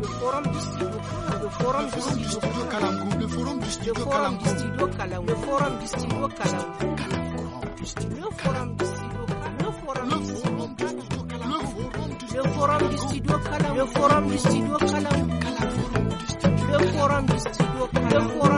le forum du studio le forum du studio Calamgou le forum du studio Calamgou le forum du studio Calamgou le forum du studio Calamgou le forum du studio Calamgou le forum du studio Calamgou le forum du studio Calamgou le forum du studio Calamgou le forum du studio Calamgou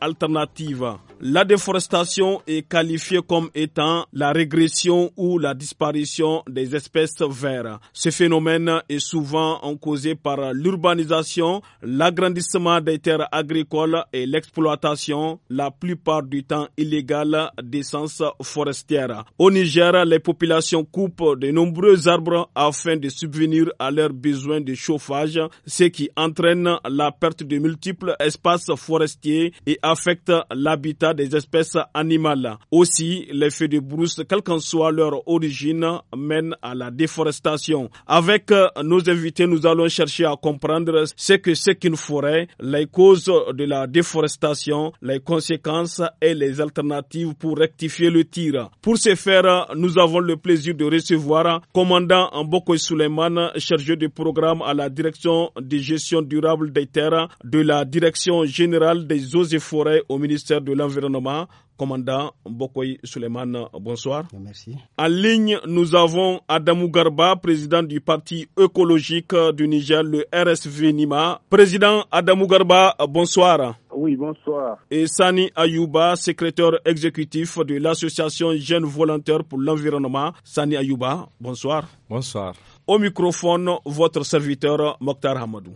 alternative. La déforestation est qualifiée comme étant la régression ou la disparition des espèces vertes. Ce phénomène est souvent causé par l'urbanisation, l'agrandissement des terres agricoles et l'exploitation, la plupart du temps illégale, d'essence forestière. Au Niger, les populations coupent de nombreux arbres afin de subvenir à leurs besoins de chauffage, ce qui entraîne la perte de multiples espaces forestiers et affecte affectent l'habitat des espèces animales. Aussi, les feux de brousse, quelle qu'en soit leur origine, mènent à la déforestation. Avec euh, nos invités, nous allons chercher à comprendre ce que c'est qu'une forêt, les causes de la déforestation, les conséquences et les alternatives pour rectifier le tir. Pour ce faire, nous avons le plaisir de recevoir commandant Mboko Suleiman, chargé du programme à la direction de gestion durable des terres de la direction générale des eaux et forêt au ministère de l'Environnement, commandant Bokoy Suleiman. Bonsoir. Merci. En ligne, nous avons Adamou Garba, président du Parti écologique du Niger, le RSV Nima. Président Adamou Garba, bonsoir. Oui, bonsoir. Et Sani Ayouba, secrétaire exécutif de l'association Jeunes Volontaires pour l'Environnement. Sani Ayouba, bonsoir. Bonsoir. Au microphone, votre serviteur Mokhtar Hamadou.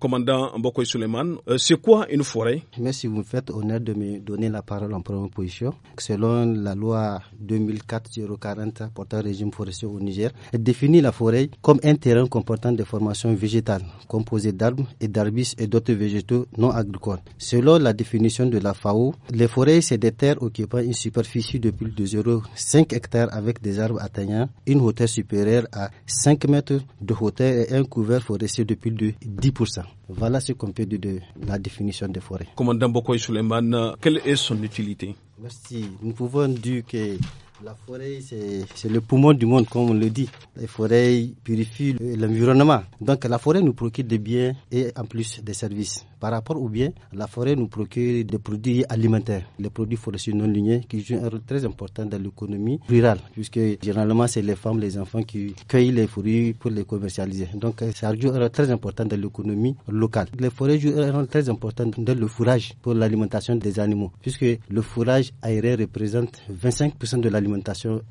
Commandant Mbokoy Suleiman, euh, c'est quoi une forêt Merci, vous me faites honneur de me donner la parole en première position. Selon la loi 2004-040 portant régime forestier au Niger, elle définit la forêt comme un terrain comportant des formations végétales composées d'arbres et d'arbustes et d'autres végétaux non agricoles. Selon la définition de la FAO, les forêts, c'est des terres occupant une superficie de plus de 0,5 hectares avec des arbres atteignant une hauteur supérieure à 5 mètres de hauteur et un couvert forestier de plus de 10%. Voilà ce qu'on peut dire de la définition des forêts. Commandant Bokoy Suleiman, quelle est son utilité Merci. Nous pouvons dire que la forêt, c'est le poumon du monde, comme on le dit. Les forêts purifient l'environnement. Donc la forêt nous procure des biens et en plus des services. Par rapport aux biens, la forêt nous procure des produits alimentaires, les produits forestiers non lignés qui jouent un rôle très important dans l'économie rurale, puisque généralement c'est les femmes, les enfants qui cueillent les fruits pour les commercialiser. Donc ça joue un rôle très important dans l'économie locale. Les forêts jouent un rôle très important dans le fourrage pour l'alimentation des animaux, puisque le fourrage aéré représente 25% de l'alimentation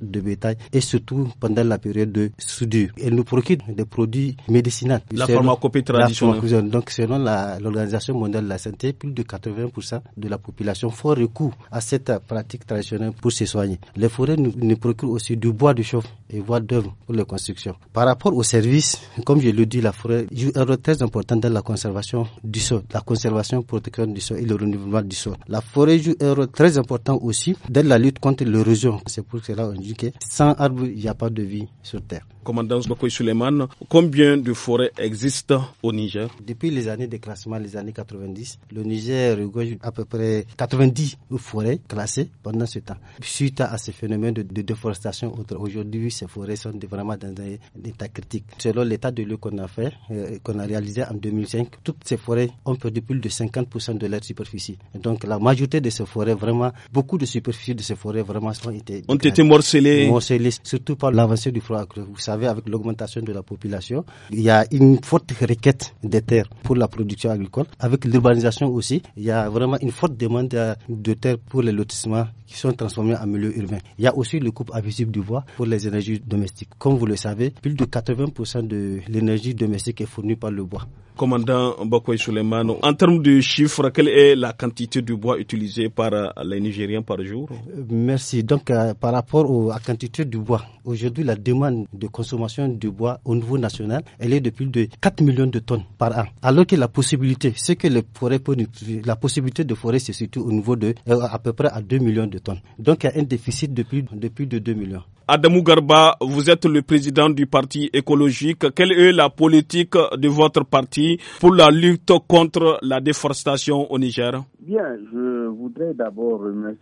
de bétail et surtout pendant la période de soudure. Elle nous procure des produits médicinaux. La pharmacopée traditionnelle. Donc selon l'Organisation mondiale de la santé, plus de 80% de la population font recours à cette pratique traditionnelle pour se soigner. Les forêts nous, procurent aussi du bois de chauffe et bois d'œuvre pour les constructions. Par rapport aux services, comme je le dis, la forêt joue un rôle très important dans la conservation du sol, la conservation, protectrice du sol et le renouvellement du sol. La forêt joue un rôle très important aussi dans la lutte contre l'érosion. C'est pour cela on dit que sans arbre, il n'y a pas de vie sur Terre commandant combien de forêts existent au Niger Depuis les années de classement, les années 90, le Niger regorge à peu près 90 forêts classées pendant ce temps. Suite à ce phénomène de, déforestation, aujourd'hui, ces forêts sont vraiment dans un état critique. Selon l'état de lieu qu'on a fait, euh, qu'on a réalisé en 2005, toutes ces forêts ont perdu plus de 50% de leur superficie. donc, la majorité de ces forêts, vraiment, beaucoup de superficie de ces forêts, vraiment, ont été, ont été morcelées. surtout par l'avancée du froid. Vous savez, avec l'augmentation de la population, il y a une forte requête des terres pour la production agricole. Avec l'urbanisation aussi, il y a vraiment une forte demande euh, de terres pour les lotissements qui sont transformés en milieu urbain. Il y a aussi le coupe invisible du bois pour les énergies domestiques. Comme vous le savez, plus de 80% de l'énergie domestique est fournie par le bois. Commandant Bakoy Souleymano, en termes de chiffres, quelle est la quantité de bois utilisée par euh, les Nigériens par jour euh, Merci. Donc, par rapport à la quantité du bois, aujourd'hui, la demande de consommation du bois au niveau national, elle est de plus de 4 millions de tonnes par an. Alors que la possibilité, ce que les forêts, la possibilité de forêt, se situe au niveau de euh, à peu près à 2 millions de tonnes. Donc il y a un déficit de plus de, de 2 millions. Adamou Garba, vous êtes le président du parti écologique. Quelle est la politique de votre parti pour la lutte contre la déforestation au Niger Bien, je voudrais d'abord remercier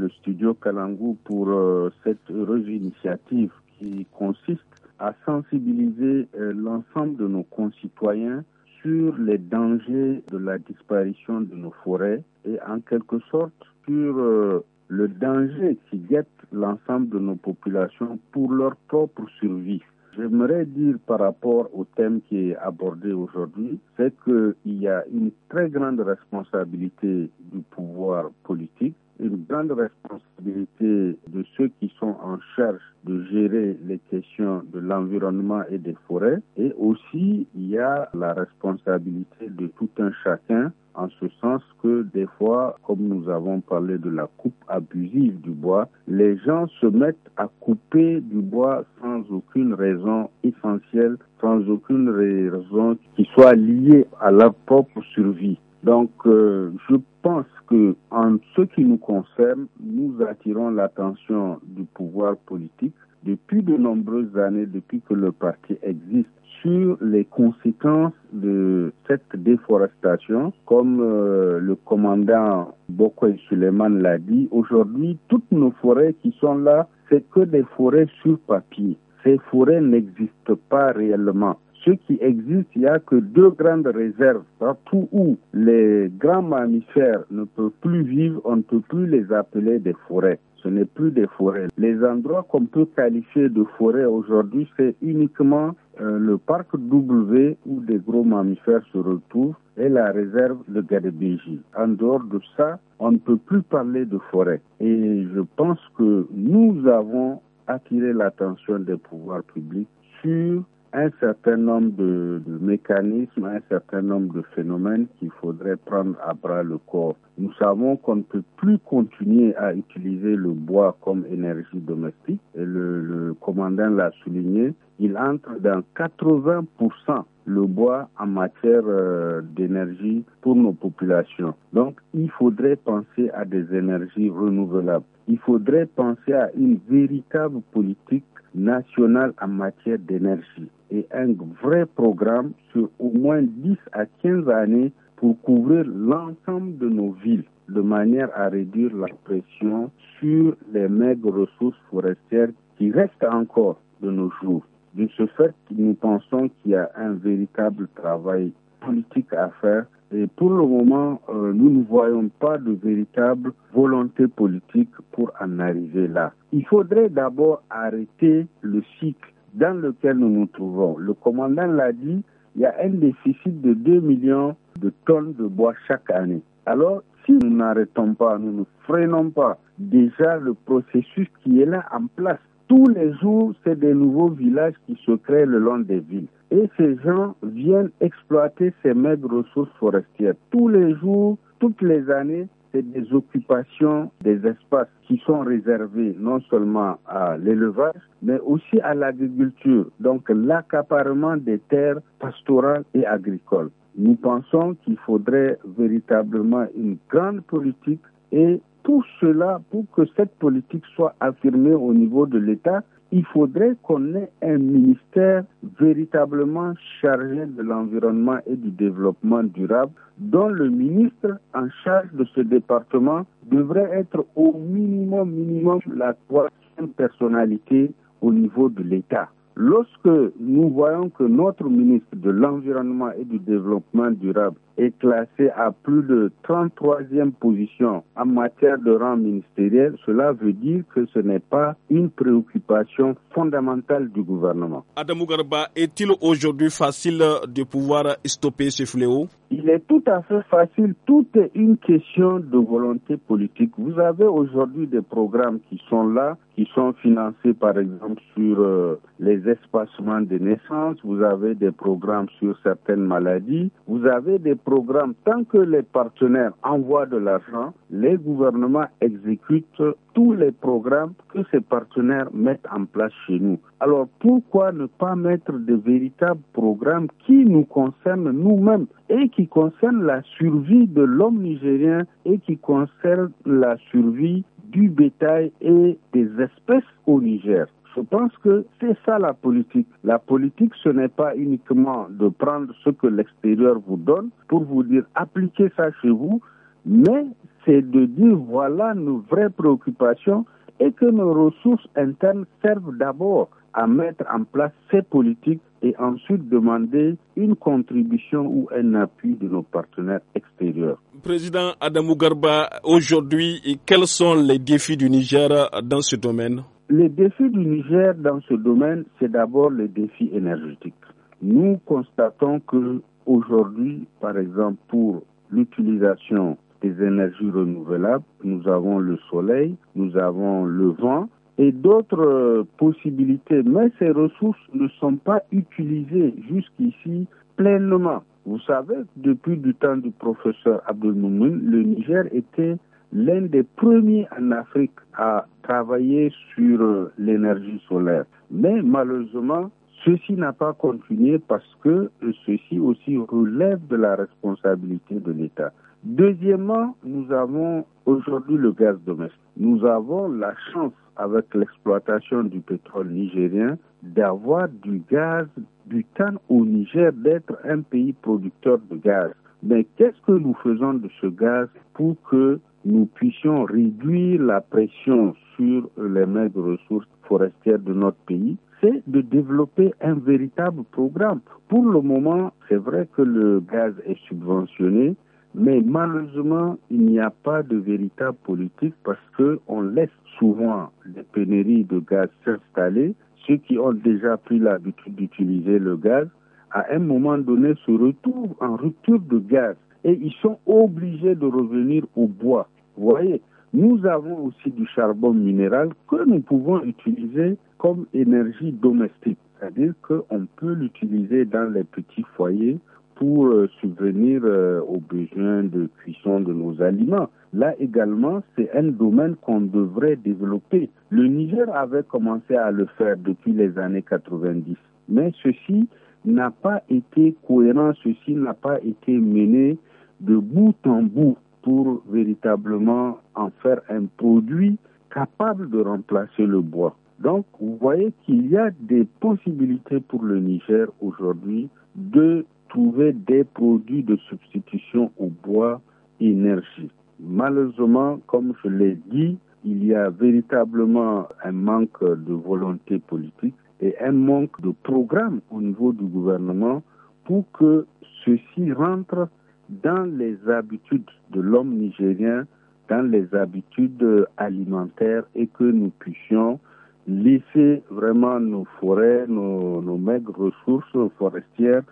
le studio Kalangou pour euh, cette heureuse initiative qui consiste à sensibiliser euh, l'ensemble de nos concitoyens sur les dangers de la disparition de nos forêts et en quelque sorte sur euh, le danger qui guette l'ensemble de nos populations pour leur propre survie. J'aimerais dire par rapport au thème qui est abordé aujourd'hui, c'est qu'il y a une très grande responsabilité du pouvoir politique, une grande responsabilité de ceux qui sont en charge de gérer les questions de l'environnement et des forêts, et aussi il y a la responsabilité de tout un chacun en ce sens que des fois, comme nous avons parlé de la coupe abusive du bois, les gens se mettent à couper du bois sans aucune raison essentielle, sans aucune raison qui soit liée à leur propre survie. Donc, euh, je pense que en ce qui nous concerne, nous attirons l'attention du pouvoir politique depuis de nombreuses années, depuis que le parti existe sur les conséquences de cette déforestation. Comme euh, le commandant Bokoy Suleiman l'a dit, aujourd'hui, toutes nos forêts qui sont là, c'est que des forêts sur papier. Ces forêts n'existent pas réellement. Ce qui existe, il n'y a que deux grandes réserves. Partout où les grands mammifères ne peuvent plus vivre, on ne peut plus les appeler des forêts ce n'est plus des forêts. Les endroits qu'on peut qualifier de forêts aujourd'hui, c'est uniquement euh, le parc W où des gros mammifères se retrouvent est la réserve de Gadebéji. En dehors de ça, on ne peut plus parler de forêt. Et je pense que nous avons attiré l'attention des pouvoirs publics sur un certain nombre de, mécanismes, un certain nombre de phénomènes qu'il faudrait prendre à bras le corps. Nous savons qu'on ne peut plus continuer à utiliser le bois comme énergie domestique. Et le, commandant l'a souligné, il entre dans 80% le bois en matière euh, d'énergie pour nos populations. Donc, il faudrait penser à des énergies renouvelables. Il faudrait penser à une véritable politique nationale en matière d'énergie et un vrai programme sur au moins 10 à 15 années pour couvrir l'ensemble de nos villes de manière à réduire la pression sur les maigres ressources forestières qui restent encore de nos jours. De ce fait, nous pensons qu'il y a un véritable travail politique à faire et pour le moment, euh, nous ne voyons pas de véritable volonté politique pour en arriver là. Il faudrait d'abord arrêter le cycle dans lequel nous nous trouvons. Le commandant l'a dit, il y a un déficit de 2 millions de tonnes de bois chaque année. Alors, si nous n'arrêtons pas, nous ne freinons pas déjà le processus qui est là en place, tous les jours, c'est des nouveaux villages qui se créent le long des villes. Et ces gens viennent exploiter ces mêmes ressources forestières. Tous les jours, toutes les années, des occupations des espaces qui sont réservés non seulement à l'élevage, mais aussi à l'agriculture, donc l'accaparement des terres pastorales et agricoles. Nous pensons qu'il faudrait véritablement une grande politique et tout cela pour que cette politique soit affirmée au niveau de l'État il faudrait qu'on ait un ministère véritablement chargé de l'environnement et du développement durable, dont le ministre en charge de ce département devrait être au minimum, minimum la troisième personnalité au niveau de l'État. Lorsque nous voyons que notre ministre de l'Environnement et du Développement durable est classé à plus de 33e position en matière de rang ministériel, cela veut dire que ce n'est pas une préoccupation fondamentale du gouvernement. Adam Garba, est-il aujourd'hui facile de pouvoir stopper ce fléau il est tout à fait facile, Tout est une question de volonté politique. Vous avez aujourd'hui des programmes qui sont là, qui sont financés par exemple sur euh, les espacements de naissance, vous avez des programmes sur certaines maladies, vous avez des programmes, tant que les partenaires envoient de l'argent, les gouvernements exécutent tous les programmes que ces partenaires mettent en place chez nous. Alors pourquoi ne pas mettre de véritables programmes qui nous concernent nous-mêmes et qui concernent la survie de l'homme nigérien et qui concernent la survie du bétail et des espèces au Niger je pense que c'est ça la politique. La politique, ce n'est pas uniquement de prendre ce que l'extérieur vous donne pour vous dire appliquez ça chez vous, mais c'est de dire voilà nos vraies préoccupations et que nos ressources internes servent d'abord à mettre en place ces politiques et ensuite demander une contribution ou un appui de nos partenaires extérieurs. Président Adamou Garba, aujourd'hui, quels sont les défis du Niger dans ce domaine Les défis du Niger dans ce domaine, c'est d'abord les défis énergétiques. Nous constatons que aujourd'hui, par exemple, pour l'utilisation des énergies renouvelables, nous avons le soleil, nous avons le vent et d'autres euh, possibilités, mais ces ressources ne sont pas utilisées jusqu'ici pleinement. Vous savez, depuis le temps du professeur Abdel le Niger était l'un des premiers en Afrique à travailler sur euh, l'énergie solaire. Mais malheureusement, ceci n'a pas continué parce que euh, ceci aussi relève de la responsabilité de l'État. Deuxièmement, nous avons aujourd'hui le gaz domestique. Nous avons la chance, avec l'exploitation du pétrole nigérien, d'avoir du gaz du butane au Niger, d'être un pays producteur de gaz. Mais qu'est-ce que nous faisons de ce gaz pour que nous puissions réduire la pression sur les maigres ressources forestières de notre pays c'est de développer un véritable programme. Pour le moment, c'est vrai que le gaz est subventionné, mais malheureusement, il n'y a pas de véritable politique parce qu'on laisse souvent les pénuries de gaz s'installer. Ceux qui ont déjà pris l'habitude d'utiliser le gaz, à un moment donné, se retrouvent en rupture de gaz et ils sont obligés de revenir au bois. Vous voyez, nous avons aussi du charbon minéral que nous pouvons utiliser comme énergie domestique, c'est-à-dire qu'on peut l'utiliser dans les petits foyers pour euh, subvenir euh, aux besoins de cuisson de nos aliments. Là également, c'est un domaine qu'on devrait développer. Le Niger avait commencé à le faire depuis les années 90, mais ceci n'a pas été cohérent, ceci n'a pas été mené de bout en bout pour véritablement en faire un produit capable de remplacer le bois. Donc, vous voyez qu'il y a des possibilités pour le Niger aujourd'hui de trouver des produits de substitution au bois énergie. Malheureusement, comme je l'ai dit, il y a véritablement un manque de volonté politique et un manque de programme au niveau du gouvernement pour que ceci rentre dans les habitudes de l'homme nigérien, dans les habitudes alimentaires et que nous puissions laisser vraiment nos forêts, nos, nos maigres ressources forestières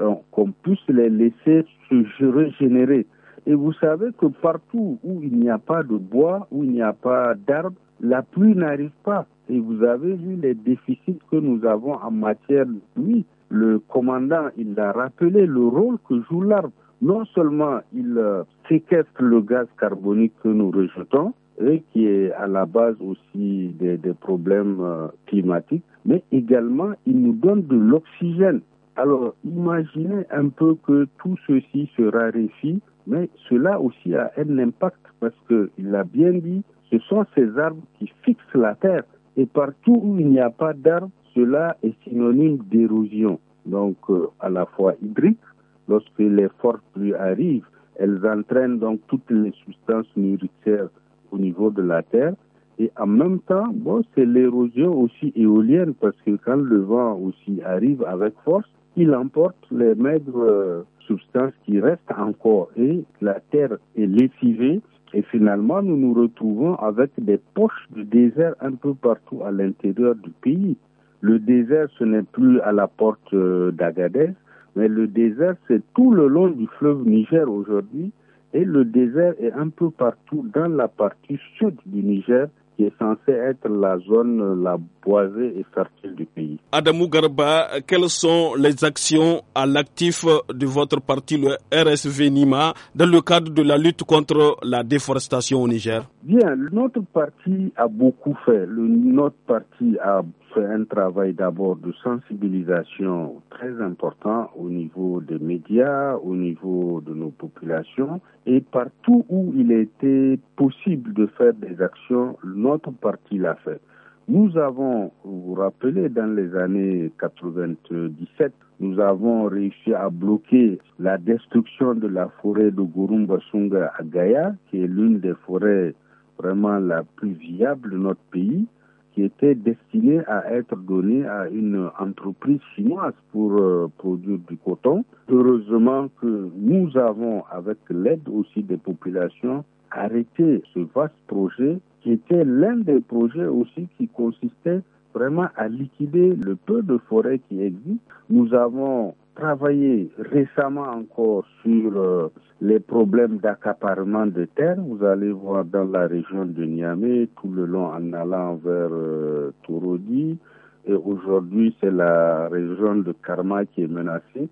euh, qu'on puisse les laisser se régénérer. Et vous savez que partout où il n'y a pas de bois, où il n'y a pas d'arbres, la pluie n'arrive pas. Et vous avez vu les déficits que nous avons en matière de pluie. Le commandant, il a rappelé le rôle que joue l'arbre. Non seulement il euh, séquestre le gaz carbonique que nous rejetons, et qui est à la base aussi des problèmes euh, climatiques, mais également il nous donne de l'oxygène. Alors, imaginez un peu que tout ceci se raréfie, mais cela aussi a un impact parce qu'il a bien dit, ce sont ces arbres qui fixent la terre. Et partout où il n'y a pas d'arbres, cela est synonyme d'érosion. Donc, euh, à la fois hydrique, lorsque les fortes pluies arrivent, elles entraînent donc toutes les substances nourricières au niveau de la terre. Et en même temps, bon, c'est l'érosion aussi éolienne parce que quand le vent aussi arrive avec force, il emporte les maigres euh, substances qui restent encore et la terre est lessivée et finalement nous nous retrouvons avec des poches de désert un peu partout à l'intérieur du pays. Le désert ce n'est plus à la porte euh, d'Agadez, mais le désert c'est tout le long du fleuve Niger aujourd'hui et le désert est un peu partout dans la partie sud du Niger est censée être la zone la boisée et fertile du pays. Adamou Garba, quelles sont les actions à l'actif de votre parti, le RSV Nima, dans le cadre de la lutte contre la déforestation au Niger Bien, notre parti a beaucoup fait. Le, notre parti a fait un travail d'abord de sensibilisation très important au niveau des médias, au niveau de nos populations et partout où il était possible de faire des actions, notre parti l'a fait. Nous avons, vous vous rappelez, dans les années 97, nous avons réussi à bloquer la destruction de la forêt de Gorumbasunga à Gaïa, qui est l'une des forêts vraiment la plus viable de notre pays qui était destiné à être donné à une entreprise chinoise pour euh, produire du coton. Heureusement que nous avons, avec l'aide aussi des populations, arrêté ce vaste projet qui était l'un des projets aussi qui consistait vraiment à liquider le peu de forêt qui existe. Nous avons travaillé récemment encore sur euh, les problèmes d'accaparement de terres. Vous allez voir dans la région de Niamey, tout le long en allant vers euh, Tourodi, et aujourd'hui c'est la région de Karma qui est menacée.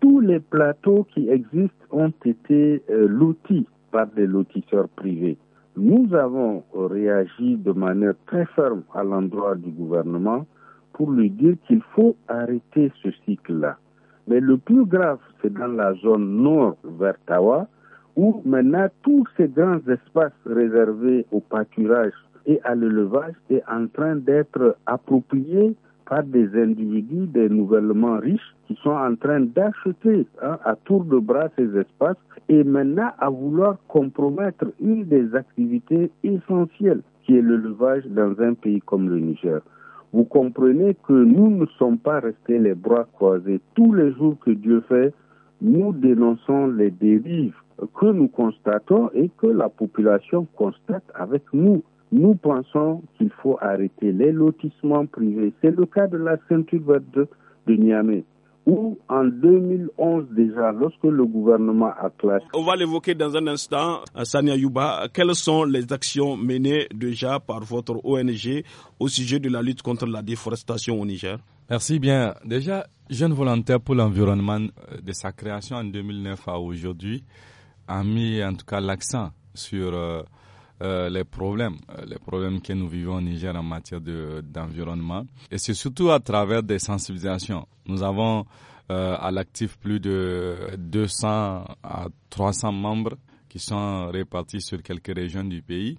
Tous les plateaux qui existent ont été euh, lotis par des lotisseurs privés. Nous avons réagi de manière très ferme à l'endroit du gouvernement pour lui dire qu'il faut arrêter ce cycle-là mais le plus grave, c'est dans la zone nord vers Tawa, où maintenant tous ces grands espaces réservés au pâturage et à l'élevage est en train d'être appropriés par des individus, des nouvellement riches, qui sont en train d'acheter hein, à tour de bras ces espaces et maintenant à vouloir compromettre une des activités essentielles qui est l'élevage dans un pays comme le Niger. Vous comprenez que nous ne sommes pas restés les bras croisés. Tous les jours que Dieu fait, nous dénonçons les dérives que nous constatons et que la population constate avec nous. Nous pensons qu'il faut arrêter les lotissements privés. C'est le cas de la ceinture verte de Niamey ou en 2011 déjà, lorsque le gouvernement a classé. On va l'évoquer dans un instant, euh, Sania Yuba. Quelles sont les actions menées déjà par votre ONG au sujet de la lutte contre la déforestation au Niger Merci bien. Déjà, Jeune Volontaire pour l'Environnement, euh, de sa création en 2009 à aujourd'hui, a mis en tout cas l'accent sur euh, euh, les problèmes, euh, les problèmes que nous vivons au Niger en matière d'environnement. Et c'est surtout à travers des sensibilisations. Nous avons euh, à l'actif plus de 200 à 300 membres qui sont répartis sur quelques régions du pays.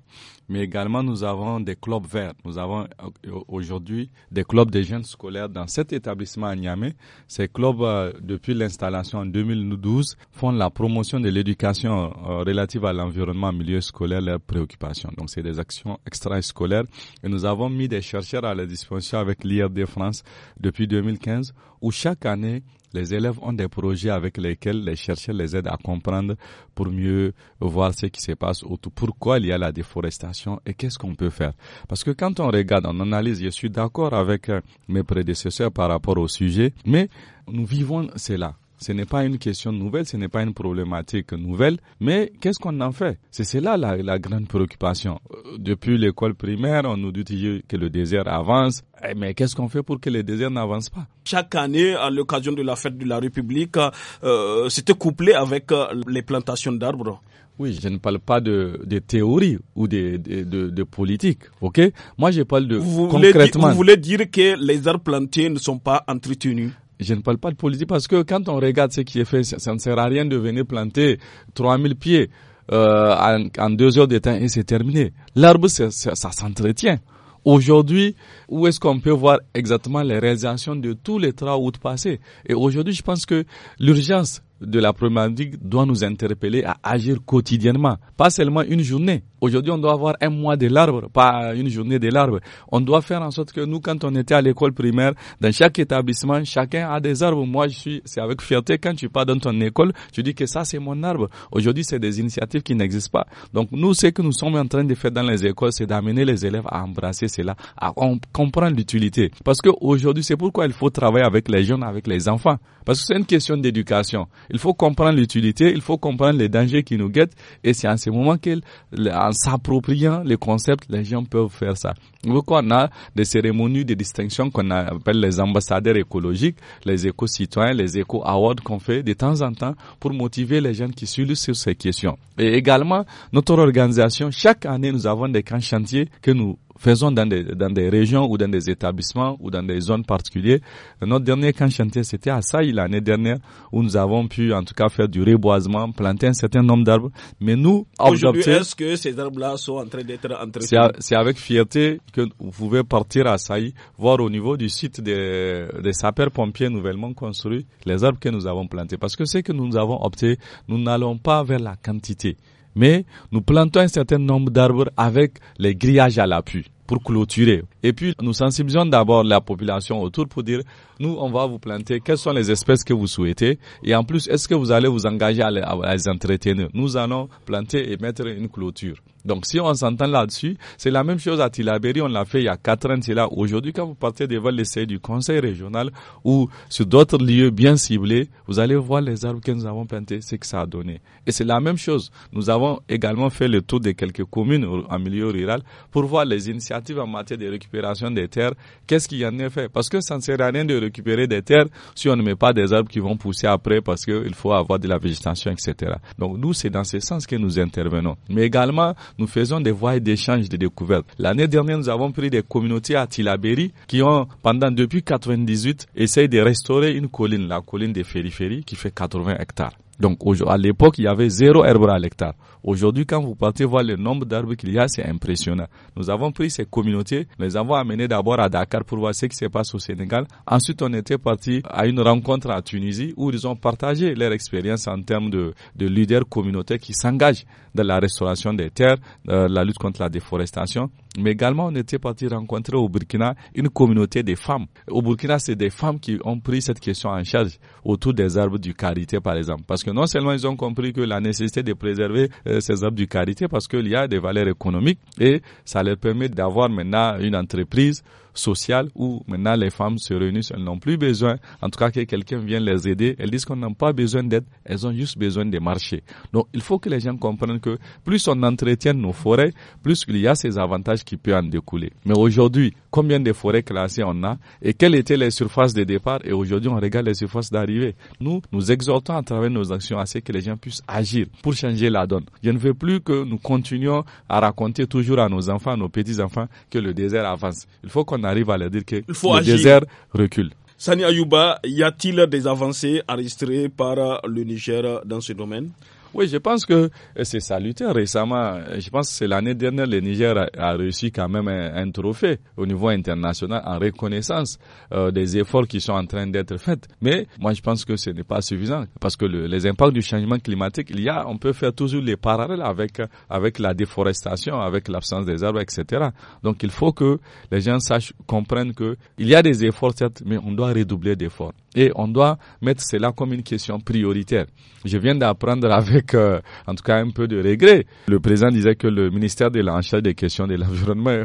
Mais également, nous avons des clubs verts. Nous avons euh, aujourd'hui des clubs des jeunes scolaires dans cet établissement à Niamey. Ces clubs, euh, depuis l'installation en 2012, font la promotion de l'éducation euh, relative à l'environnement, milieu scolaire, leurs préoccupations. Donc, c'est des actions extrascolaires. Et nous avons mis des chercheurs à la disposition avec l'IRD France depuis 2015, où chaque année, les élèves ont des projets avec lesquels les chercheurs les aident à comprendre pour mieux voir ce qui se passe autour, pourquoi il y a la déforestation et qu'est-ce qu'on peut faire. Parce que quand on regarde, on analyse, je suis d'accord avec euh, mes prédécesseurs par rapport au sujet, mais nous vivons cela. Ce n'est pas une question nouvelle, ce n'est pas une problématique nouvelle, mais qu'est-ce qu'on en fait C'est cela la, grande préoccupation. Euh, depuis l'école primaire, on nous dit que le désert avance, eh, mais qu'est-ce qu'on fait pour que le désert n'avance pas Chaque année, à l'occasion de la fête de la République, euh, c'était couplé avec euh, les plantations d'arbres. Oui, je ne parle pas de, de théorie ou de, de, politique, ok Moi, je parle de concrètement. vous voulez dire que les arbres plantés ne sont pas entretenus je ne parle pas de politique parce que quand on regarde ce qui est fait, ça, ne sert à rien de venir planter 3000 pieds euh, en, deux heures de temps et c'est terminé. L'arbre, ça, s'entretient. Aujourd'hui, où est-ce qu'on peut voir exactement les réalisations de tous les travaux passés Et aujourd'hui, je pense que l'urgence de la problématique doit nous interpeller à agir quotidiennement, pas seulement une journée. Aujourd'hui, on doit avoir un mois de l'arbre, pas une journée de l'arbre. On doit faire en sorte que nous, quand on était à l'école primaire, dans chaque établissement, chacun a des arbres. Moi, je suis, c'est avec fierté quand tu pars dans ton école, tu dis que ça, c'est mon arbre. Aujourd'hui, c'est des initiatives qui n'existent pas. Donc, nous, ce que nous sommes en train de faire dans les écoles, c'est d'amener les élèves à embrasser cela, à comprendre l'utilité. Parce que aujourd'hui, c'est pourquoi il faut travailler avec les jeunes, avec les enfants. Parce que c'est une question d'éducation. Il faut comprendre l'utilité, il faut comprendre les dangers qui nous guettent. Et c'est en ce moment qu'en s'appropriant les concepts, les gens peuvent faire ça. Donc on a des cérémonies de distinction qu'on appelle les ambassadeurs écologiques, les éco-citoyens, les éco-awards qu'on fait de temps en temps pour motiver les jeunes qui suivent sur ces questions. Et également, notre organisation, chaque année, nous avons des grands chantiers que nous faisons dans des, dans des régions ou dans des établissements ou dans des zones particulières. Notre dernier camp chantier, c'était à Saï l'année dernière, où nous avons pu en tout cas faire du reboisement, planter un certain nombre d'arbres. Mais nous, aujourd'hui, est-ce que ces arbres-là sont en train d'être entretenus C'est avec fierté que vous pouvez partir à Saï, voir au niveau du site des, des sapeurs-pompiers nouvellement construits, les arbres que nous avons plantés. Parce que c'est que nous avons opté, nous n'allons pas vers la quantité mais nous plantons un certain nombre d'arbres avec les grillages à l'appui pour clôturer. Et puis, nous sensibilisons d'abord la population autour pour dire, nous, on va vous planter, quelles sont les espèces que vous souhaitez, et en plus, est-ce que vous allez vous engager à les, entretenir Nous allons planter et mettre une clôture. Donc, si on s'entend là-dessus, c'est la même chose à Tilaberi. On l'a fait il y a quatre ans. C'est là aujourd'hui, quand vous partez devant les du conseil régional ou sur d'autres lieux bien ciblés, vous allez voir les arbres que nous avons plantés, ce que ça a donné. Et c'est la même chose. Nous avons également fait le tour de quelques communes en milieu rural pour voir les initiatives en matière de récupération des terres. Qu'est-ce qu'il y en a fait? Parce que ça ne sert à rien de récupérer des terres si on ne met pas des arbres qui vont pousser après parce qu'il faut avoir de la végétation, etc. Donc, nous, c'est dans ce sens que nous intervenons. Mais également, nous faisons des voies d'échange de découvertes. L'année dernière, nous avons pris des communautés à Tilaberi qui ont, pendant depuis 98, essayé de restaurer une colline, la colline des périphéries, qui fait 80 hectares. Donc à l'époque, il y avait zéro herbe à l'hectare. Aujourd'hui, quand vous partez voir le nombre d'arbres qu'il y a, c'est impressionnant. Nous avons pris ces communautés, les avons amenées d'abord à Dakar pour voir ce qui se passe au Sénégal. Ensuite, on était parti à une rencontre à Tunisie où ils ont partagé leur expérience en termes de, leaders communautaires qui s'engagent dans la restauration des terres, euh, la lutte contre la déforestation, mais également, on était parti rencontrer au Burkina une communauté de femmes. Au Burkina, c'est des femmes qui ont pris cette question en charge autour des arbres du karité, par exemple. Parce que non seulement ils ont compris que la nécessité de préserver euh, ces arbres du karité, parce qu'il y a des valeurs économiques et ça leur permet d'avoir maintenant une entreprise social où maintenant les femmes se réunissent, elles n'ont plus besoin, en tout cas que quelqu'un vienne les aider, elles disent qu'on n'a pas besoin d'aide, elles ont juste besoin de marcher. Donc il faut que les gens comprennent que plus on entretient nos forêts, plus il y a ces avantages qui peuvent en découler. Mais aujourd'hui, combien de forêts classées on a et quelles étaient les surfaces de départ et aujourd'hui on regarde les surfaces d'arrivée. Nous, nous exhortons à travers nos actions à ce que les gens puissent agir pour changer la donne. Je ne veux plus que nous continuions à raconter toujours à nos enfants, nos petits-enfants que le désert avance. Il faut qu'on arrive à leur dire que faut le désert recule. Sani Ayouba, y a-t-il des avancées enregistrées par le Niger dans ce domaine oui, je pense que euh, c'est salutaire. Récemment, euh, je pense que c'est l'année dernière, le Niger a, réussi quand même un, trophée au niveau international en reconnaissance euh, des efforts qui sont en train d'être faits. Mais moi, je pense que ce n'est pas suffisant parce que les impacts du changement climatique, il y a, on peut faire toujours les parallèles avec avec la déforestation, avec l'absence des arbres, etc. Donc, il faut que les gens sachent, comprennent que il y a des efforts, certes, mais on doit redoubler d'efforts et on doit mettre cela comme une question prioritaire. Je viens d'apprendre avec euh, en tout cas, un peu de regret. Le président disait que le ministère de l'Enchère des questions de l'environnement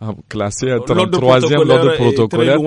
a classé à 33e l'ordre protocolaire.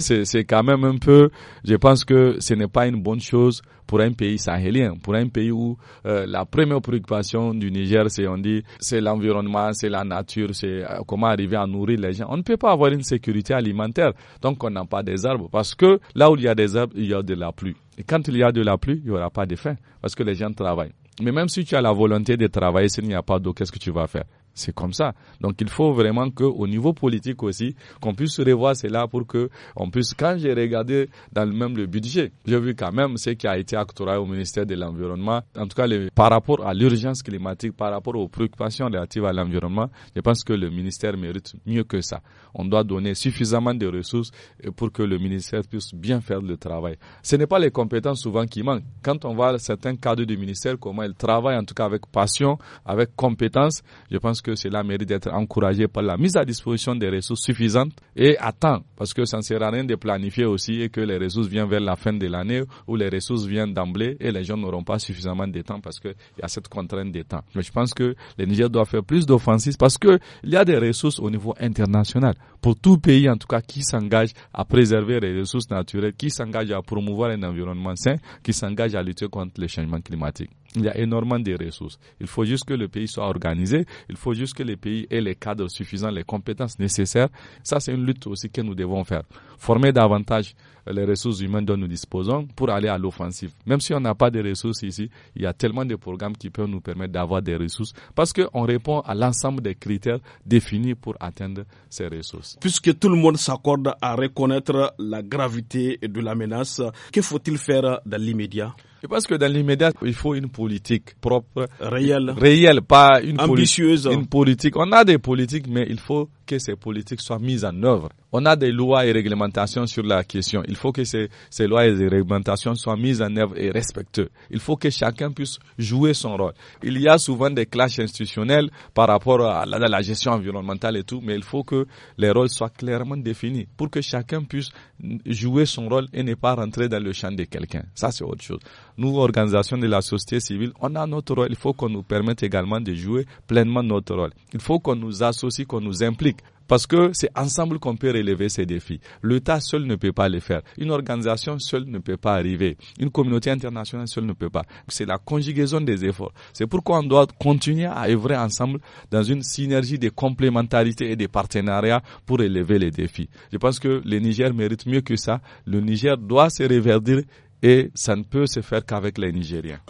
C'est quand même un peu, je pense que ce n'est pas une bonne chose pour un pays sahélien, pour un pays où euh, la première préoccupation du Niger, c'est on dit, c'est l'environnement, c'est la nature, c'est euh, comment arriver à nourrir les gens. On ne peut pas avoir une sécurité alimentaire donc on n'a pas des arbres, parce que là où il y a des arbres, il y a de la pluie. Et quand il y a de la pluie, il n'y aura pas de faim, parce que les gens travaillent. Mais même si tu as la volonté de travailler, s'il n'y a pas d'eau, qu'est-ce que tu vas faire c'est comme ça. Donc il faut vraiment que au niveau politique aussi qu'on puisse revoir cela pour que on puisse quand j'ai regardé dans le même le budget, j'ai vu quand même ce qui a été actoré au ministère de l'environnement en tout cas par rapport à l'urgence climatique, par rapport aux préoccupations relatives à l'environnement, je pense que le ministère mérite mieux que ça. On doit donner suffisamment de ressources euh, pour que le ministère puisse bien faire le travail. Ce n'est pas les compétences souvent qui manquent. Quand on voit certains cadres du ministère comment ils travaillent en tout cas avec passion, avec compétence, je pense que cela mérite d'être encouragé par la mise à disposition des ressources suffisantes et à temps, parce que ça ne sert à rien de planifier aussi et que les ressources viennent vers la fin de l'année ou les ressources viennent d'emblée et les gens n'auront pas suffisamment de temps parce qu'il y a cette contrainte de temps. Mais je pense que le Niger doit faire plus d'offensives parce qu'il y a des ressources au niveau international. Pour tout pays, en tout cas, qui s'engage à préserver les ressources naturelles, qui s'engage à promouvoir un environnement sain, qui s'engage à lutter contre les changements climatiques. Il y a énormément de ressources. Il faut juste que le pays soit organisé. Il faut juste que le pays aient les cadres suffisants, les compétences nécessaires. Ça, c'est une lutte aussi que nous devons faire. Former davantage euh, les ressources humaines dont nous disposons pour aller à l'offensive. Même si on n'a pas de ressources ici, il y a tellement de programmes qui peuvent nous permettre d'avoir des ressources parce qu'on répond à l'ensemble des critères définis pour atteindre ces ressources. Puisque tout le monde s'accorde à reconnaître la gravité de la menace, que faut-il faire dans l'immédiat je pense que dans l'immédiat, il faut une politique propre, réelle, réelle, pas une ambitieuse, une politique. On a des politiques, mais il faut que ces politiques soient mises en œuvre. On a des lois et réglementations sur la question. Il faut que ces, lois et réglementations soient mises en œuvre et respectées. Il faut que chacun puisse jouer son rôle. Il y a souvent des clashs institutionnels par rapport à la, la gestion environnementale et tout, mais il faut que les rôles soient clairement définis pour que chacun puisse jouer son rôle et ne pas rentrer dans le champ de quelqu'un. Ça, c'est autre chose. Nous, organisations de la société civile, on a notre rôle. Il faut qu'on nous permette également de jouer pleinement notre rôle. Il faut qu'on nous associe, qu'on nous implique. Parce que c'est ensemble qu'on peut relever ces défis. L'État seul ne peut pas les faire. Une organisation seule ne peut pas arriver. Une communauté internationale seule ne peut pas. C'est la conjugaison des efforts. C'est pourquoi on doit continuer à œuvrer ensemble dans une synergie de complémentarité et de partenariats pour relever les défis. Je pense que le Niger mérite mieux que ça. Le Niger doit se réverdir et ça ne peut se faire qu'avec les Nigériens.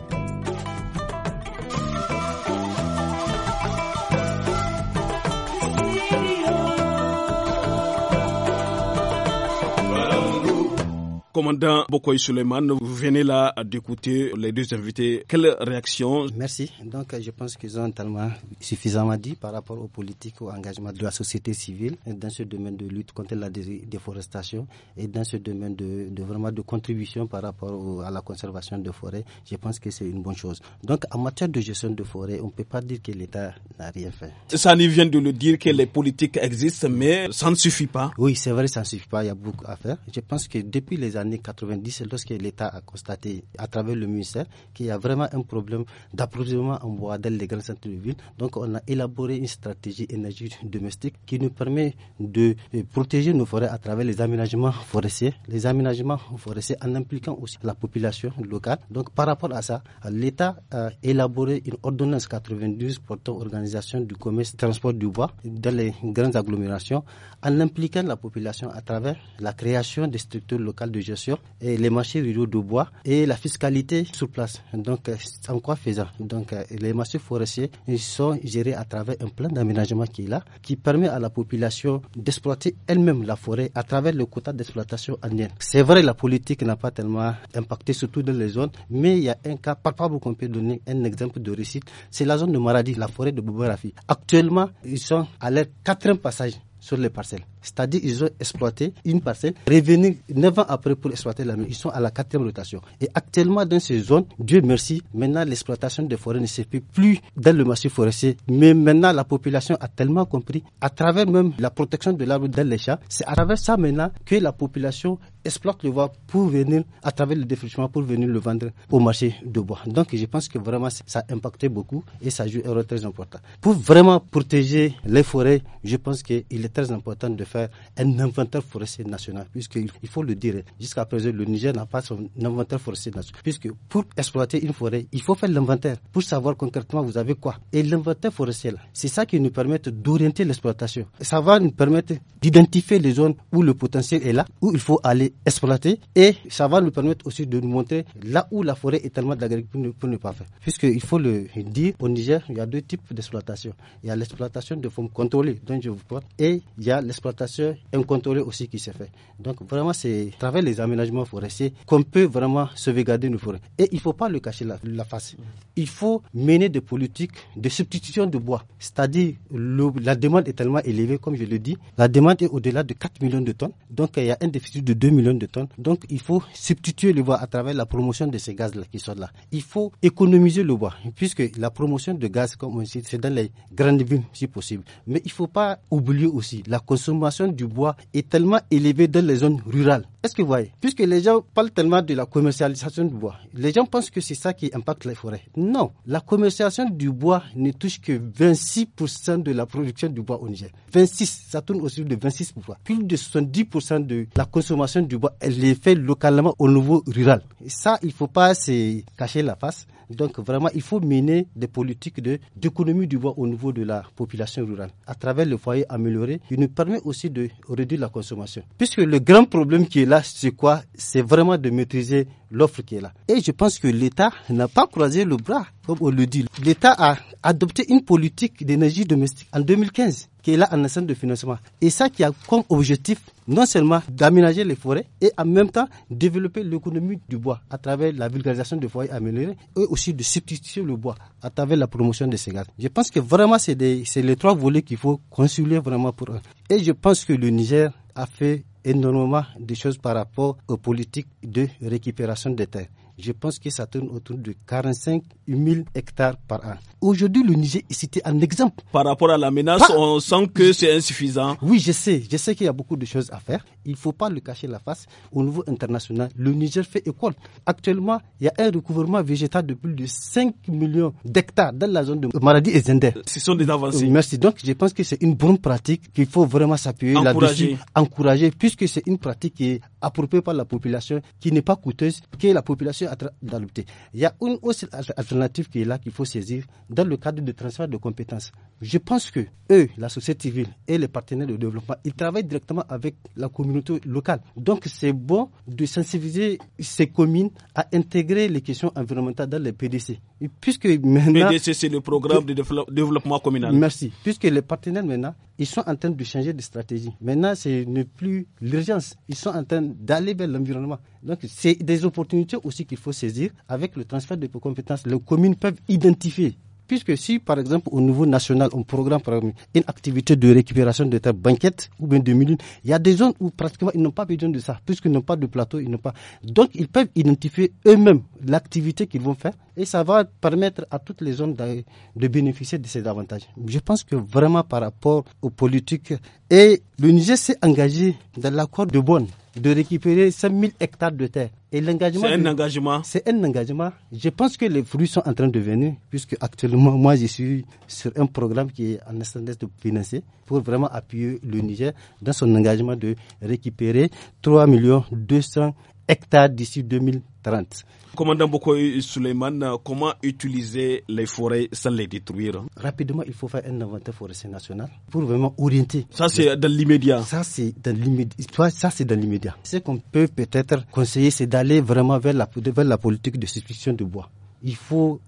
Commandant Bokoy Suleiman, vous venez là d'écouter les deux invités. Quelle réaction Merci. Donc, je pense qu'ils ont tellement suffisamment dit par rapport aux politiques, aux engagements de la société civile dans ce domaine de lutte contre la déforestation et dans ce domaine de, vraiment de contribution par rapport à la conservation de forêts. Je pense que c'est une bonne chose. Donc, en matière de gestion de forêt, on ne peut pas dire que l'État n'a rien fait. Sani vient de le dire que les politiques existent, mais ça ne suffit pas. Oui, c'est vrai, ça ne suffit pas. Il y a beaucoup à faire. Je pense que depuis les années 90, lorsque l'État a constaté à travers le ministère qu'il y a vraiment un problème d'approvisionnement en bois dans les grands centres de ville. Donc on a élaboré une stratégie énergie domestique qui nous permet de protéger nos forêts à travers les aménagements forestiers, les aménagements forestiers en impliquant aussi la population locale. Donc par rapport à ça, l'État a élaboré une ordonnance 92 portant organisation du commerce transport du bois dans les grandes agglomérations en impliquant la population à travers la création des structures locales de et les marchés ruraux de bois et la fiscalité sur place. Donc, en quoi faisant. Donc, les marchés forestiers ils sont gérés à travers un plan d'aménagement qui est là, qui permet à la population d'exploiter elle-même la forêt à travers le quota d'exploitation annuel. C'est vrai, la politique n'a pas tellement impacté, surtout dans les zones, mais il y a un cas palpable qu'on peut donner un exemple de réussite. C'est la zone de Maradi, la forêt de Boubarafi. Actuellement, ils sont à leur quatrième passage sur les parcelles. C'est-à-dire ils ont exploité une parcelle, revenu neuf ans après pour exploiter la même. Ils sont à la quatrième rotation. Et actuellement, dans ces zones, Dieu merci, maintenant l'exploitation des forêts ne se fait plus dans le massif forestier. Mais maintenant, la population a tellement compris, à travers même la protection de l'arbre dans les chats, c'est à travers ça maintenant que la population exploite le bois pour venir, à travers le défrichement, pour venir le vendre au marché de bois. Donc je pense que vraiment ça a impacté beaucoup et ça joue un rôle très important. Pour vraiment protéger les forêts, je pense qu'il est très important de faire un inventaire forestier national, puisqu'il faut le dire, jusqu'à présent, le Niger n'a pas son inventaire forestier national, puisque pour exploiter une forêt, il faut faire l'inventaire pour savoir concrètement vous avez quoi. Et l'inventaire forestier, c'est ça qui nous permet d'orienter l'exploitation. Ça va nous permettre d'identifier les zones où le potentiel est là, où il faut aller exploiter, et ça va nous permettre aussi de nous montrer là où la forêt est tellement d'agriculture pour ne pas faire. Puisqu'il faut le dire, au Niger, il y a deux types d'exploitation. Il y a l'exploitation de forme contrôlée, dont je vous parle, et il y a l'exploitation un contrôle aussi qui se fait. Donc vraiment, c'est à travers les aménagements forestiers qu'on peut vraiment sauvegarder nos forêts. Et il ne faut pas le cacher la, face. Il faut mener des politiques de substitution de bois. C'est-à-dire, la demande est tellement élevée, comme je le dis. La demande est au-delà de 4 millions de tonnes. Donc il y a un déficit de 2 millions de tonnes. Donc il faut substituer le bois à travers la promotion de ces gaz-là qui sont là. Il faut économiser le bois, puisque la promotion de gaz, comme on dit, c'est dans les grandes villes si possible. Mais il ne faut pas oublier aussi la consommation consommation du bois est tellement élevée dans les zones rurales. Est-ce que vous voyez Puisque les gens parlent tellement de la commercialisation du bois, les gens pensent que c'est ça qui impacte les forêts. Non, la commercialisation du bois ne touche que 26% de la production du bois au Niger. 26, ça tourne aussi de 26%. Plus de 70% de la consommation du bois, elle est faite localement au niveau rural. Et ça, il ne faut pas se cacher la face. Donc vraiment, il faut mener des politiques d'économie du bois au niveau de la population rurale. À travers le foyer amélioré, il nous permet aussi de réduire la consommation. Puisque le grand problème qui est là, c'est quoi C'est vraiment de maîtriser l'offre qui est là. Et je pense que l'État n'a pas croisé le bras, comme on le dit. L'État a adopté une politique d'énergie domestique en 2015 qui est là en essence de financement. Et ça qui a comme objectif non seulement d'aménager les forêts et en même temps développer l'économie du bois à travers la vulgarisation des foyers améliorés et aussi de substituer le bois à travers la promotion de ces Je pense que vraiment c'est les trois volets qu'il faut consulter vraiment pour eux. Et je pense que le Niger a fait énormément de choses par rapport aux politiques de récupération des terres. Je pense que ça tourne autour de 45 000 hectares par an. Aujourd'hui, le Niger est cité en exemple. Par rapport à la menace, on sent que c'est insuffisant. Oui, je sais. Je sais qu'il y a beaucoup de choses à faire il ne faut pas le cacher la face, au niveau international, le Niger fait école. Actuellement, il y a un recouvrement végétal de plus de 5 millions d'hectares dans la zone de maladie et Zender. Ce sont des avancées. Euh, merci. Donc, je pense que c'est une bonne pratique qu'il faut vraiment s'appuyer là-dessus, encourager, puisque c'est une pratique qui est appropriée par la population, qui n'est pas coûteuse, que la population a d'adopter. Il y a une autre alternative qui est là, qu'il faut saisir dans le cadre de transfert de compétences. Je pense que eux, la société civile et les partenaires de développement, ils travaillent directement avec la communauté donc c'est bon de sensibiliser ces communes à intégrer les questions environnementales dans les PDC. Et puisque maintenant, PDC, c'est le programme de développement communal. Merci. Puisque les partenaires maintenant, ils sont en train de changer de stratégie. Maintenant, ce n'est plus l'urgence. Ils sont en train d'aller vers l'environnement. Donc, c'est des opportunités aussi qu'il faut saisir avec le transfert de compétences. Les communes peuvent identifier Puisque si, par exemple, au niveau national, on programme une activité de récupération de terres banquettes ou bien de mines, il y a des zones où pratiquement ils n'ont pas besoin de ça, puisqu'ils n'ont pas de plateau, ils n'ont pas. Donc, ils peuvent identifier eux-mêmes l'activité qu'ils vont faire et ça va permettre à toutes les zones de, bénéficier de ces avantages. Je pense que vraiment par rapport aux politiques et le Niger s'est engagé dans l'accord de Bonne, de récupérer 5000 hectares de terre. Et l'engagement. C'est un engagement. C'est un engagement. Je pense que les fruits sont en train de venir, puisque actuellement, moi, je suis sur un programme qui est en instance de financer pour vraiment appuyer le Niger dans son engagement de récupérer 3 200 hectares d'ici 2000. 30. Commandant Boko Suleiman, comment utiliser les forêts sans les détruire Rapidement, il faut faire un inventaire forestier national pour vraiment orienter. Ça, c'est dans l'immédiat. Ça, c'est dans l'immédiat. Ça, c'est dans l'immédiat. Ce qu'on peut peut-être conseiller, c'est d'aller vraiment vers la, vers la politique de substitution de bois. Il faut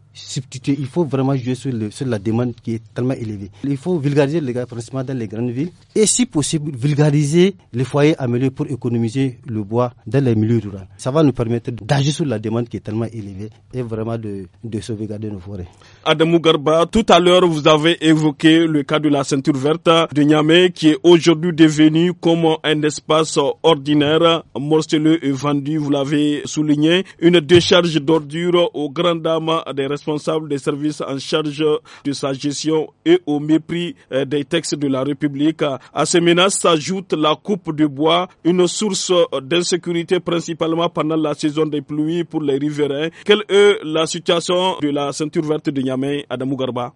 il faut vraiment jouer sur, la demande qui est tellement élevée. Il faut vulgariser les gars, principalement dans les grandes villes, et si possible, vulgariser les foyers améliorés pour économiser le bois dans les milieux ruraux. Ça va nous permettre d'agir sur la demande qui est tellement élevée et vraiment de, de sauvegarder nos forêts. Adamou Garba, tout à l'heure, vous avez évoqué le cas de la ceinture verte de Niamey qui est aujourd'hui devenu comme un espace ordinaire, morcelé et vendu, vous l'avez souligné, une décharge d'ordures aux grandes dames des responsable des services en charge de sa gestion et au mépris euh, des textes de la République. À ces menaces s'ajoute la coupe de bois, une source d'insécurité principalement pendant la saison des pluies pour les riverains. Quelle est la situation de la ceinture verte de Niamey, Adamou Garba?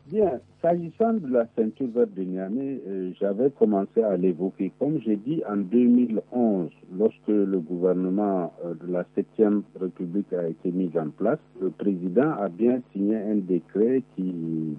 S'agissant de la ceinture verte de Niamey, euh, j'avais commencé à l'évoquer. Comme j'ai dit, en 2011, lorsque le gouvernement euh, de la 7e République a été mis en place, le président a bien signé un décret qui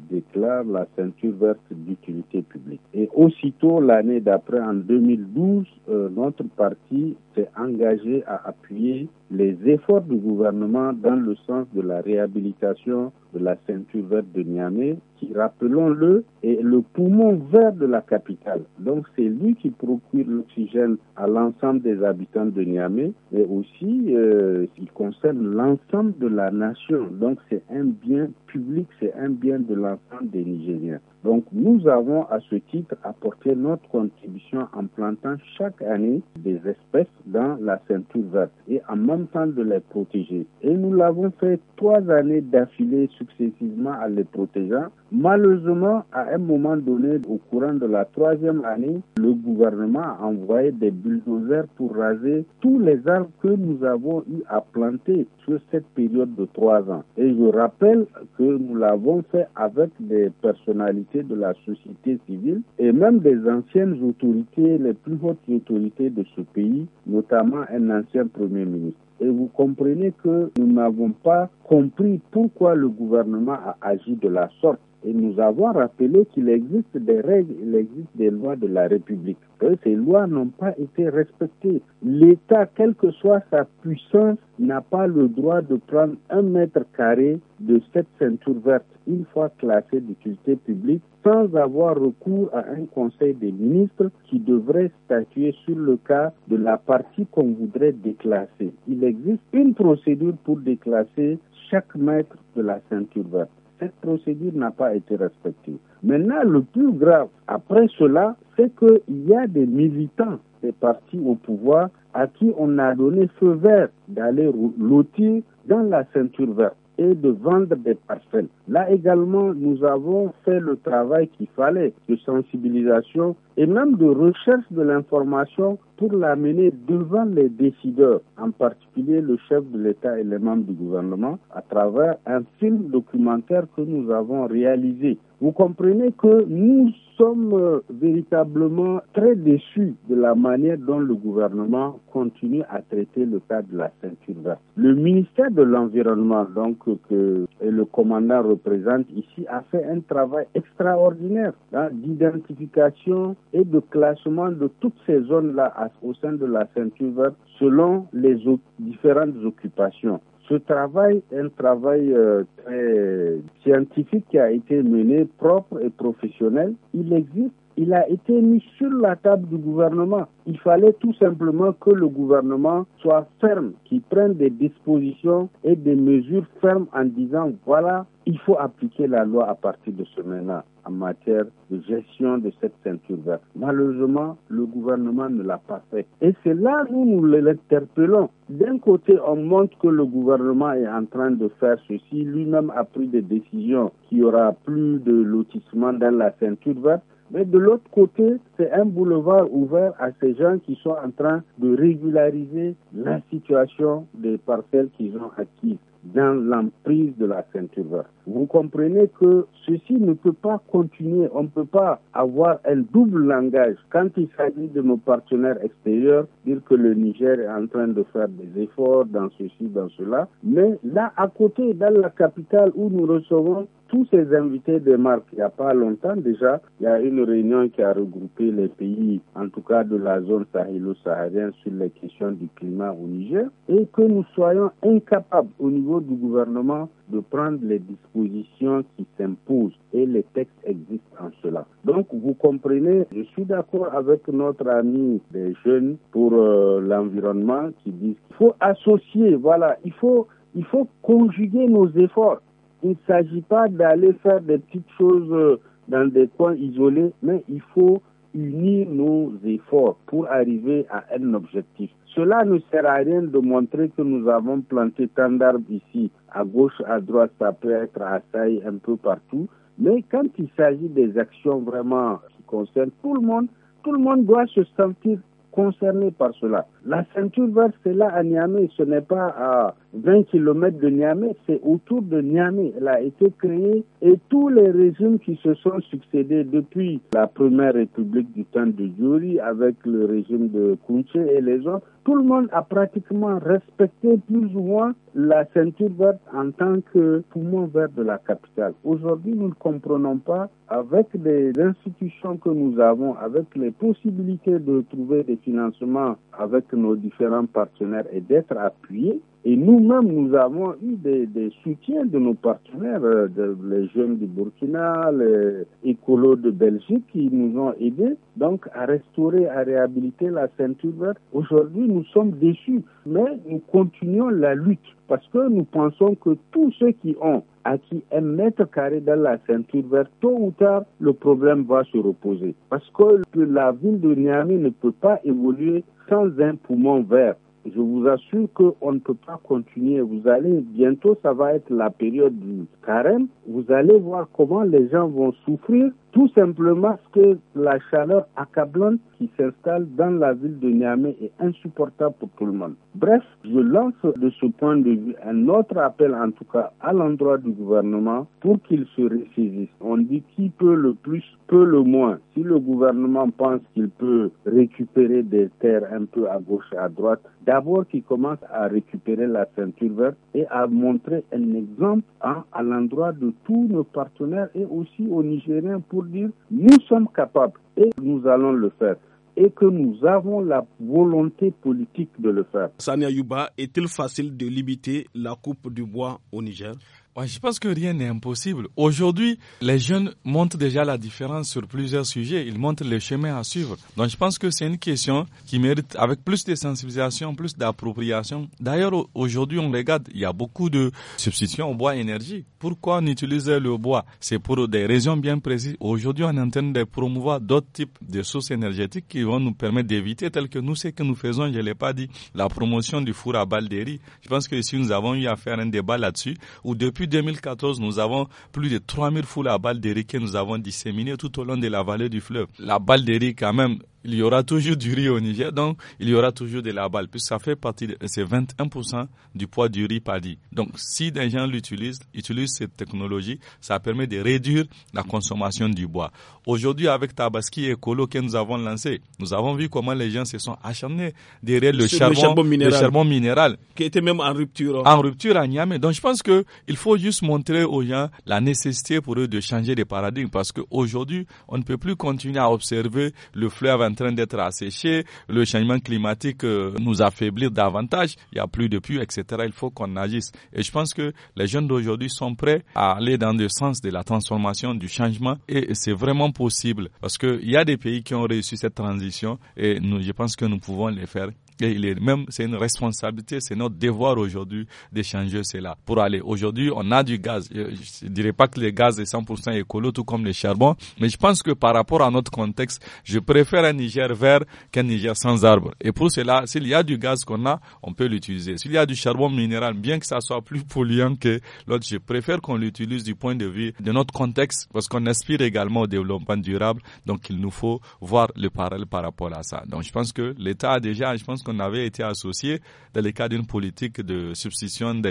déclare la ceinture verte d'utilité publique. Et aussitôt, l'année d'après, en 2012, euh, notre parti s'est engagé à appuyer les efforts du gouvernement dans le sens de la réhabilitation de la ceinture verte de Niamey, qui rappelle le est le poumon vert de la capitale. Donc c'est lui qui procure l'oxygène à l'ensemble des habitants de Niamey, mais aussi euh, il concerne l'ensemble de la nation. Donc c'est un bien public, c'est un bien de l'ensemble des Nigériens. Donc nous avons à ce titre apporté notre contribution en plantant chaque année des espèces dans la ceinture verte et en même temps de les protéger. Et nous l'avons fait trois années d'affilée successivement à les protéger. Malheureusement, à un moment donné, au courant de la troisième année, le gouvernement a envoyé des bulldozers pour raser tous les arbres que nous avons eu à planter sur cette période de trois ans. Et je rappelle que nous l'avons fait avec des personnalités de la société civile et même des anciennes autorités, les plus hautes autorités de ce pays, notamment un ancien Premier ministre. Et vous comprenez que nous n'avons pas compris pourquoi le gouvernement a agi de la sorte et nous avons rappelé qu'il existe des règles, il existe des lois de la République. ces lois n'ont pas été respectées. L'État, quelle que soit sa puissance, n'a pas le droit de prendre un mètre carré de cette ceinture verte une fois classée d'utilité publique sans avoir recours à un conseil des ministres qui devrait statuer sur le cas de la partie qu'on voudrait déclasser. Il existe une procédure pour déclasser chaque mètre de la ceinture verte cette procédure n'a pas été respectée. Maintenant, le plus grave, après cela, c'est qu'il y a des militants des partis au pouvoir à qui on a donné feu vert d'aller lotir dans la ceinture verte et de vendre des parcelles. Là également, nous avons fait le travail qu'il fallait de sensibilisation et même de recherche de l'information pour l'amener devant les décideurs, en particulier le chef de l'État et les membres du gouvernement, à travers un film documentaire que nous avons réalisé. Vous comprenez que nous sommes euh, véritablement très déçus de la manière dont le gouvernement continue à traiter le cas de la ceinture verte. Le ministère de l'Environnement, donc, euh, que le commandant représente ici, a fait un travail extraordinaire hein, d'identification et de classement de toutes ces zones-là au sein de la ceinture verte selon les différentes occupations. Ce travail est un travail euh, très scientifique qui a été mené propre et professionnel. Il existe il a été mis sur la table du gouvernement. Il fallait tout simplement que le gouvernement soit ferme, qu'il prenne des dispositions et des mesures fermes en disant voilà, il faut appliquer la loi à partir de ce moment-là en matière de gestion de cette ceinture verte. Malheureusement, le gouvernement ne l'a pas fait. Et c'est là où nous l'interpellons. D'un côté, on montre que le gouvernement est en train de faire ceci. Lui-même a pris des décisions qu'il n'y aura plus de lotissement dans la ceinture verte. Mais de l'autre côté, c'est un boulevard ouvert à ces gens qui sont en train de régulariser la situation des parcelles qu'ils ont acquises dans l'emprise de la ceinture verte vous comprenez que ceci ne peut pas continuer. On ne peut pas avoir un double langage. Quand il s'agit de nos partenaires extérieurs, dire que le Niger est en train de faire des efforts dans ceci, dans cela. Mais là, à côté, dans la capitale où nous recevons tous ces invités de marque, Il n'y a pas longtemps déjà, il y a une réunion qui a regroupé les pays, en tout cas de la zone sahélo-saharienne, sur les questions du climat au Niger, et que nous soyons incapables au niveau du gouvernement de prendre les dispositions qui s'imposent et les textes existent en cela. Donc vous comprenez, je suis d'accord avec notre ami des jeunes pour euh, l'environnement qui disent qu'il faut associer, voilà, il faut, il faut conjuguer nos efforts. Il ne s'agit pas d'aller faire des petites choses euh, dans des coins isolés, mais il faut unir nos efforts pour arriver à un objectif. Cela ne sert à rien de montrer que nous avons planté tant d'arbres ici, à gauche, à droite, ça peut être à taille un peu partout. Mais quand il s'agit des actions vraiment qui concernent tout le monde, tout le monde doit se sentir concerné par cela. La ceinture verte, c'est là à Niamey, ce n'est pas à 20 km de Niamey, c'est autour de Niamey. Elle a été créée et tous les régimes qui se sont succédés depuis la première république du temps de Yuri avec le régime de Kunche et les autres, tout le monde a pratiquement respecté plus ou moins la ceinture verte en tant que poumon vert de la capitale. Aujourd'hui, nous ne comprenons pas avec les institutions que nous avons, avec les possibilités de trouver des financements avec nos différents partenaires et d'être appuyés, et nous-mêmes, nous avons eu des, soutiens de nos partenaires, euh, les jeunes du Burkina, les écolos de Belgique qui nous ont aidés donc à restaurer, à réhabiliter la ceinture verte. Aujourd'hui, nous sommes déçus, mais nous continuons la lutte parce que nous pensons que tous ceux qui ont acquis un mètre carré dans la ceinture verte, tôt ou tard, le problème va se reposer. Parce que la ville de Niamey ne peut pas évoluer sans un poumon vert je vous assure qu'on ne peut pas continuer. Vous allez, bientôt, ça va être la période du carême. Vous allez voir comment les gens vont souffrir. Tout simplement parce que la chaleur accablante qui s'installe dans la ville de Niamey est insupportable pour tout le monde. Bref, je lance de ce point de vue un autre appel, en tout cas, à l'endroit du gouvernement pour qu'il se ressaisisse. On dit qui peut le plus, peut le moins. Si le gouvernement pense qu'il peut récupérer des terres un peu à gauche et à droite, d'abord commence à récupérer la ceinture verte et à montrer un exemple à l'endroit de tous nos partenaires et aussi aux Nigériens pour dire nous sommes capables et nous allons le faire et que nous avons la volonté politique de le faire. Sania Yuba, est-il facile de limiter la coupe du bois au Niger Ouais, je pense que rien n'est impossible. Aujourd'hui, les jeunes montrent déjà la différence sur plusieurs sujets. Ils montrent le chemin à suivre. Donc, je pense que c'est une question qui mérite avec plus de sensibilisation, plus d'appropriation. D'ailleurs, aujourd'hui, on regarde, il y a beaucoup de substitutions au bois énergie. Pourquoi on utilise le bois C'est pour des raisons bien précises. Aujourd'hui, on est en train de promouvoir d'autres types de sources énergétiques qui vont nous permettre d'éviter, tel que nous, ce que nous faisons, je ne l'ai pas dit, la promotion du four à balle des riz. Je pense que si nous avons eu à faire un débat là-dessus, ou depuis 2014, nous avons plus de 3000 foules à balles d'Éric que nous avons disséminées tout au long de la vallée du fleuve. La balle d'Éric, quand même, il y aura toujours du riz au Niger, donc il y aura toujours de la balle, puisque ça fait partie de c'est 21% du poids du riz paddy. Donc si des gens l'utilisent, utilisent cette technologie, ça permet de réduire la consommation du bois. Aujourd'hui, avec Tabaski et Colo que nous avons lancé, nous avons vu comment les gens se sont acharnés derrière le charbon, le charbon, minéral, qui était même en rupture. Hein. En rupture à Niamey. Donc je pense que il faut juste montrer aux gens la nécessité pour eux de changer de paradigme, parce qu'aujourd'hui, on ne peut plus continuer à observer le fleuve train d'être asséchés, le changement climatique euh, nous affaiblit davantage, il n'y a plus de puits, etc. Il faut qu'on agisse. Et je pense que les jeunes d'aujourd'hui sont prêts à aller dans le sens de la transformation, du changement, et c'est vraiment possible parce qu'il y a des pays qui ont réussi cette transition et nous, je pense que nous pouvons les faire et il est même, c'est une responsabilité, c'est notre devoir aujourd'hui d'échanger cela. Pour aller, aujourd'hui, on a du gaz. Je dirais pas que le gaz est 100% écolo, tout comme le charbon, mais je pense que par rapport à notre contexte, je préfère un Niger vert qu'un Niger sans arbres. Et pour cela, s'il y a du gaz qu'on a, on peut l'utiliser. S'il y a du charbon minéral, bien que ça soit plus polluant que l'autre, je préfère qu'on l'utilise du point de vue de notre contexte, parce qu'on aspire également au développement durable, donc il nous faut voir le parallèle par rapport à ça. Donc je pense que l'État a déjà, je pense qu'on avait été associé dans le cadre d'une politique de substitution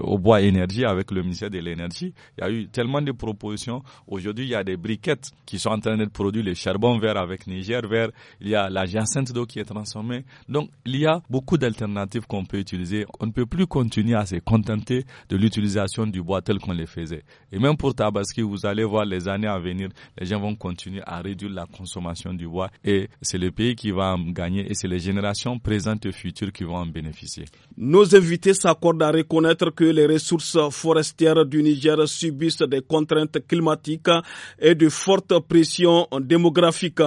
au bois énergie avec le ministère de l'énergie. Il y a eu tellement de propositions. Aujourd'hui, il y a des briquettes qui sont en train de produire le charbon vert avec Niger vert. Il y a la jacinthe d'eau qui est transformée. Donc, il y a beaucoup d'alternatives qu'on peut utiliser. On ne peut plus continuer à se contenter de l'utilisation du bois tel qu'on le faisait. Et même pour Tabaski, vous allez voir les années à venir, les gens vont continuer à réduire la consommation du bois et c'est le pays qui va gagner et c'est les générations présentes et futures qui vont en bénéficier. Nos invités s'accordent à reconnaître que les ressources forestières du Niger subissent des contraintes climatiques et de fortes pressions démographiques.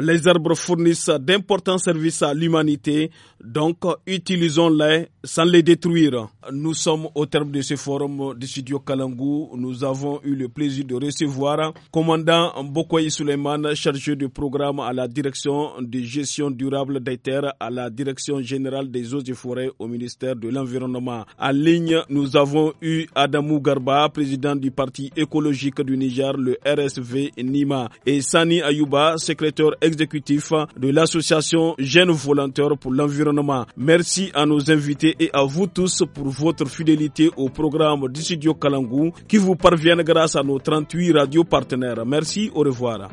Les arbres fournissent d'importants services à l'humanité, donc utilisons-les sans les détruire. Nous sommes au terme de ce forum du studio Kalangou. Nous avons eu le plaisir de recevoir commandant Bokoy Suleiman, chargé du programme à la direction de gestion durable des terres à la direction générale des eaux et forêts au ministère de l'Environnement. En ligne, nous avons eu Adamou Garba, président du Parti écologique du Niger, le RSV Nima, et Sani Ayouba, secrétaire exécutif de l'association Jeunes Volontaires pour l'Environnement. Merci à nos invités et à vous tous pour votre fidélité au programme du studio Kalangou qui vous parviennent grâce à nos 38 radios partenaires. Merci, au revoir.